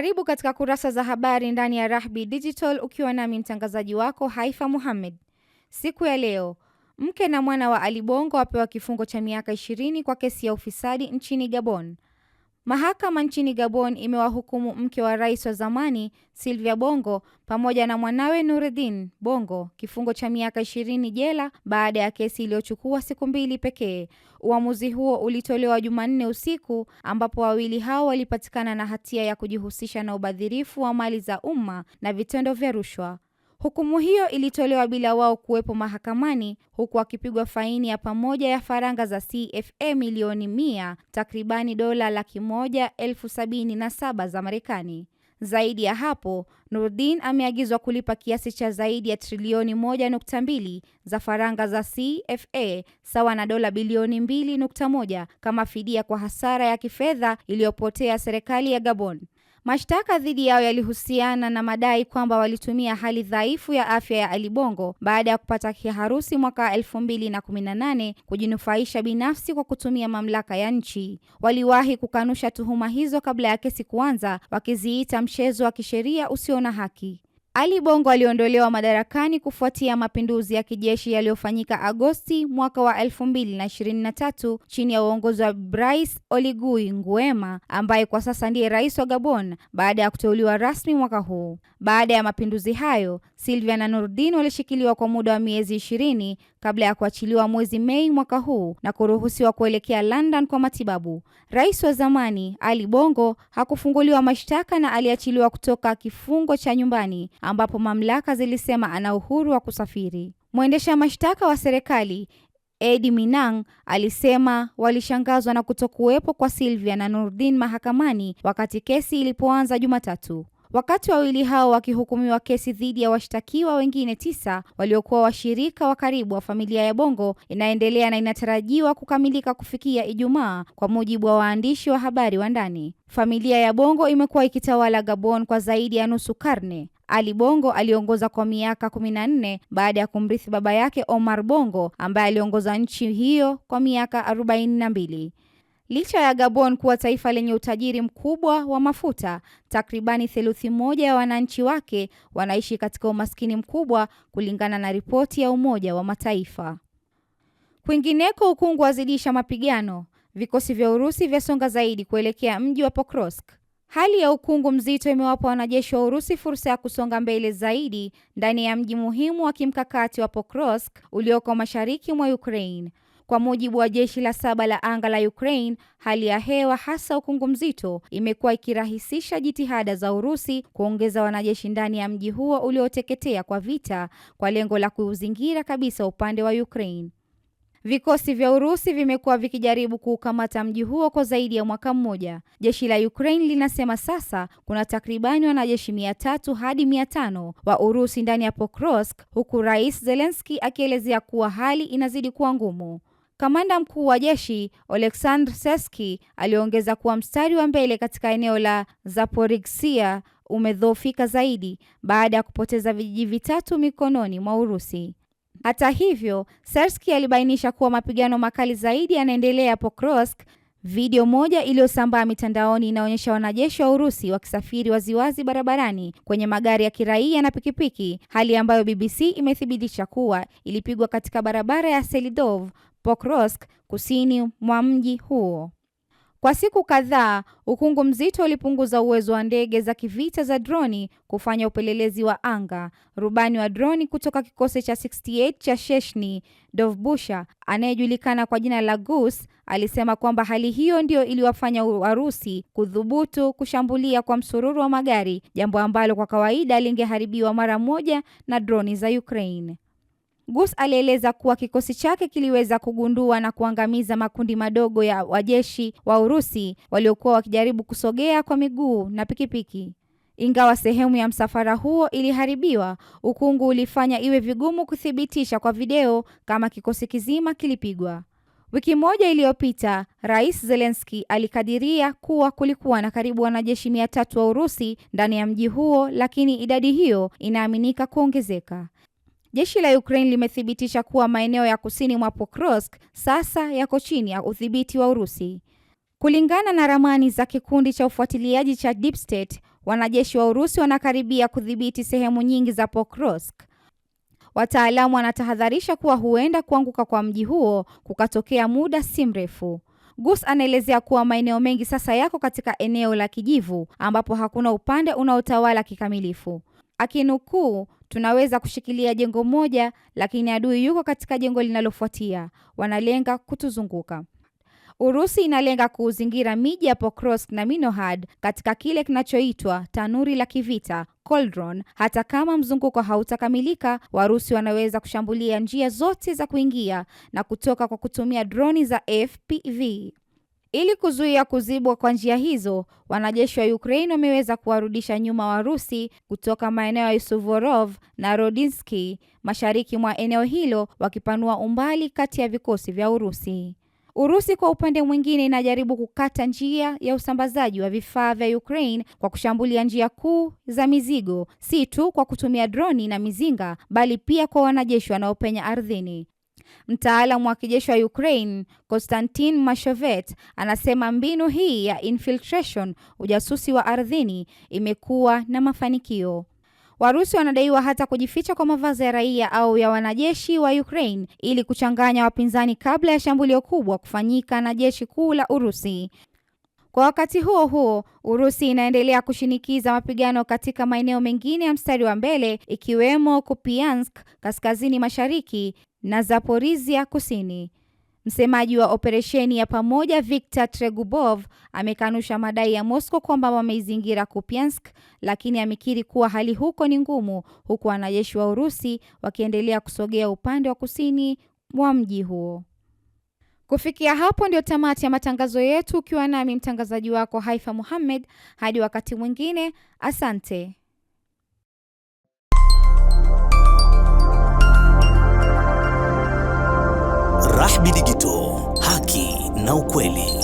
Karibu katika kurasa za habari ndani ya Rahby Digital ukiwa nami mtangazaji wako Haifa muhammed Siku ya leo, mke na mwana wa Ali Bongo wapewa kifungo cha miaka 20 kwa kesi ya ufisadi nchini Gabon. Mahakama nchini Gabon imewahukumu mke wa rais wa zamani Silvia Bongo pamoja na mwanawe Nureddin Bongo kifungo cha miaka ishirini jela baada ya kesi iliyochukua siku mbili pekee. Uamuzi huo ulitolewa Jumanne usiku ambapo wawili hao walipatikana na hatia ya kujihusisha na ubadhirifu wa mali za umma na vitendo vya rushwa. Hukumu hiyo ilitolewa bila wao kuwepo mahakamani huku wakipigwa faini ya pamoja ya faranga za CFA milioni mia, takribani dola laki moja elfu sabini na saba za Marekani. Zaidi ya hapo, Nurdin ameagizwa kulipa kiasi cha zaidi ya trilioni moja nukta mbili za faranga za CFA sawa na dola bilioni mbili nukta moja kama fidia kwa hasara ya kifedha iliyopotea serikali ya Gabon. Mashtaka dhidi yao yalihusiana na madai kwamba walitumia hali dhaifu ya afya ya Ali Bongo baada ya kupata kiharusi mwaka elfu mbili na kumi na nane kujinufaisha binafsi kwa kutumia mamlaka ya nchi. Waliwahi kukanusha tuhuma hizo kabla ya kesi kuanza, wakiziita mchezo wa kisheria usio na haki. Ali Bongo aliondolewa madarakani kufuatia mapinduzi ya kijeshi yaliyofanyika Agosti mwaka wa 2023 chini ya uongozi wa Brice Oligui Nguema ambaye kwa sasa ndiye rais wa Gabon baada ya kuteuliwa rasmi mwaka huu. Baada ya mapinduzi hayo, Sylvia na Nurdin walishikiliwa kwa muda wa miezi ishirini kabla ya kuachiliwa mwezi Mei mwaka huu na kuruhusiwa kuelekea London kwa matibabu. Rais wa zamani Ali Bongo hakufunguliwa mashtaka na aliachiliwa kutoka kifungo cha nyumbani ambapo mamlaka zilisema ana uhuru wa kusafiri. Mwendesha mashtaka wa serikali edi Minang alisema walishangazwa na kutokuwepo kwa Sylvia na Nurdin mahakamani wakati kesi ilipoanza Jumatatu. Wakati wawili hao wakihukumiwa kesi dhidi ya washtakiwa wengine tisa waliokuwa washirika wa karibu wa familia ya Bongo inaendelea na inatarajiwa kukamilika kufikia Ijumaa, kwa mujibu wa waandishi wa habari wa ndani. Familia ya Bongo imekuwa ikitawala Gabon kwa zaidi ya nusu karne ali Bongo aliongoza kwa miaka kumi na nne baada ya kumrithi baba yake Omar Bongo ambaye aliongoza nchi hiyo kwa miaka arobaini na mbili. Licha ya Gabon kuwa taifa lenye utajiri mkubwa wa mafuta, takribani theluthi moja ya wananchi wake wanaishi katika umaskini mkubwa kulingana na ripoti ya Umoja wa Mataifa. Kwingineko, ukungu wazidisha mapigano. Vikosi vya Urusi vyasonga zaidi kuelekea mji wa Pokrovsk. Hali ya ukungu mzito imewapa wanajeshi wa Urusi fursa ya kusonga mbele zaidi ndani ya mji muhimu wa kimkakati wa Pokrovsk ulioko mashariki mwa Ukraine. Kwa mujibu wa jeshi la saba la anga la Ukraine, hali ya hewa hasa ukungu mzito imekuwa ikirahisisha jitihada za Urusi kuongeza wanajeshi ndani ya mji huo ulioteketea kwa vita kwa lengo la kuuzingira kabisa upande wa Ukraine. Vikosi vya Urusi vimekuwa vikijaribu kuukamata mji huo kwa zaidi ya mwaka mmoja. Jeshi la Ukraine linasema sasa kuna takribani wanajeshi mia tatu hadi mia tano wa Urusi ndani ya Pokrovsk, huku Rais Zelensky akielezea kuwa hali inazidi kuwa ngumu. Kamanda mkuu wa jeshi Oleksandr seski aliongeza kuwa mstari wa mbele katika eneo la Zaporizhia umedhoofika zaidi baada ya kupoteza vijiji vitatu mikononi mwa Urusi. Hata hivyo, Sersky alibainisha kuwa mapigano makali zaidi yanaendelea Pokrovsk. Video moja iliyosambaa mitandaoni inaonyesha wanajeshi wa Urusi wakisafiri waziwazi barabarani kwenye magari ya kiraia na pikipiki, hali ambayo BBC imethibitisha kuwa ilipigwa katika barabara ya Selidov, Pokrovsk, kusini mwa mji huo. Kwa siku kadhaa, ukungu mzito ulipunguza uwezo wa ndege za kivita za droni kufanya upelelezi wa anga. Rubani wa droni kutoka kikosi cha 68 cha Sheshni Dovbusha, anayejulikana kwa jina la Gus, alisema kwamba hali hiyo ndiyo iliwafanya Warusi kudhubutu kushambulia kwa msururu wa magari, jambo ambalo kwa kawaida lingeharibiwa mara moja na droni za Ukraine. Gus alieleza kuwa kikosi chake kiliweza kugundua na kuangamiza makundi madogo ya wajeshi wa Urusi waliokuwa wakijaribu kusogea kwa miguu na pikipiki. Ingawa sehemu ya msafara huo iliharibiwa, ukungu ulifanya iwe vigumu kuthibitisha kwa video kama kikosi kizima kilipigwa. Wiki moja iliyopita, Rais Zelensky alikadiria kuwa kulikuwa na karibu wanajeshi mia tatu wa Urusi ndani ya mji huo, lakini idadi hiyo inaaminika kuongezeka. Jeshi la Ukraine limethibitisha kuwa maeneo ya kusini mwa Pokrovsk sasa yako chini ya udhibiti wa Urusi. Kulingana na ramani za kikundi cha ufuatiliaji cha Deep State, wanajeshi wa Urusi wanakaribia kudhibiti sehemu nyingi za Pokrovsk. Wataalamu wanatahadharisha kuwa huenda kuanguka kwa mji huo kukatokea muda si mrefu. Gus anaelezea kuwa maeneo mengi sasa yako katika eneo la kijivu ambapo hakuna upande unaotawala kikamilifu. Akinukuu, Tunaweza kushikilia jengo moja, lakini adui yuko katika jengo linalofuatia, wanalenga kutuzunguka. Urusi inalenga kuuzingira miji ya Pokrovsk na minohad katika kile kinachoitwa tanuri la kivita Cauldron. Hata kama mzunguko hautakamilika, Warusi wanaweza kushambulia njia zote za kuingia na kutoka kwa kutumia droni za FPV. Ili kuzuia kuzibwa kwa njia hizo, wanajeshi wa Ukraine wameweza kuwarudisha nyuma Warusi kutoka maeneo ya Suvorov na Rodinski mashariki mwa eneo hilo, wakipanua umbali kati ya vikosi vya Urusi. Urusi kwa upande mwingine inajaribu kukata njia ya usambazaji wa vifaa vya Ukraine kwa kushambulia njia kuu za mizigo, si tu kwa kutumia droni na mizinga, bali pia kwa wanajeshi wanaopenya ardhini. Mtaalamu wa kijeshi wa Ukraine Konstantin mashovet anasema mbinu hii ya infiltration, ujasusi wa ardhini, imekuwa na mafanikio. Warusi wanadaiwa hata kujificha kwa mavazi ya raia au ya wanajeshi wa Ukraine ili kuchanganya wapinzani kabla ya shambulio kubwa kufanyika na jeshi kuu la Urusi. Kwa wakati huo huo, Urusi inaendelea kushinikiza mapigano katika maeneo mengine ya mstari wa mbele ikiwemo Kupiansk kaskazini mashariki na Zaporizhia Kusini. Msemaji wa operesheni ya pamoja Viktor Tregubov amekanusha madai ya Moscow kwamba wameizingira Kupiansk, lakini amekiri kuwa hali huko ni ngumu, huku wanajeshi wa Urusi wakiendelea kusogea upande wa kusini mwa mji huo. Kufikia hapo ndio tamati ya matangazo yetu, ukiwa nami mtangazaji wako Haifa Muhammad. Hadi wakati mwingine, asante. Ashby Digital, haki na ukweli.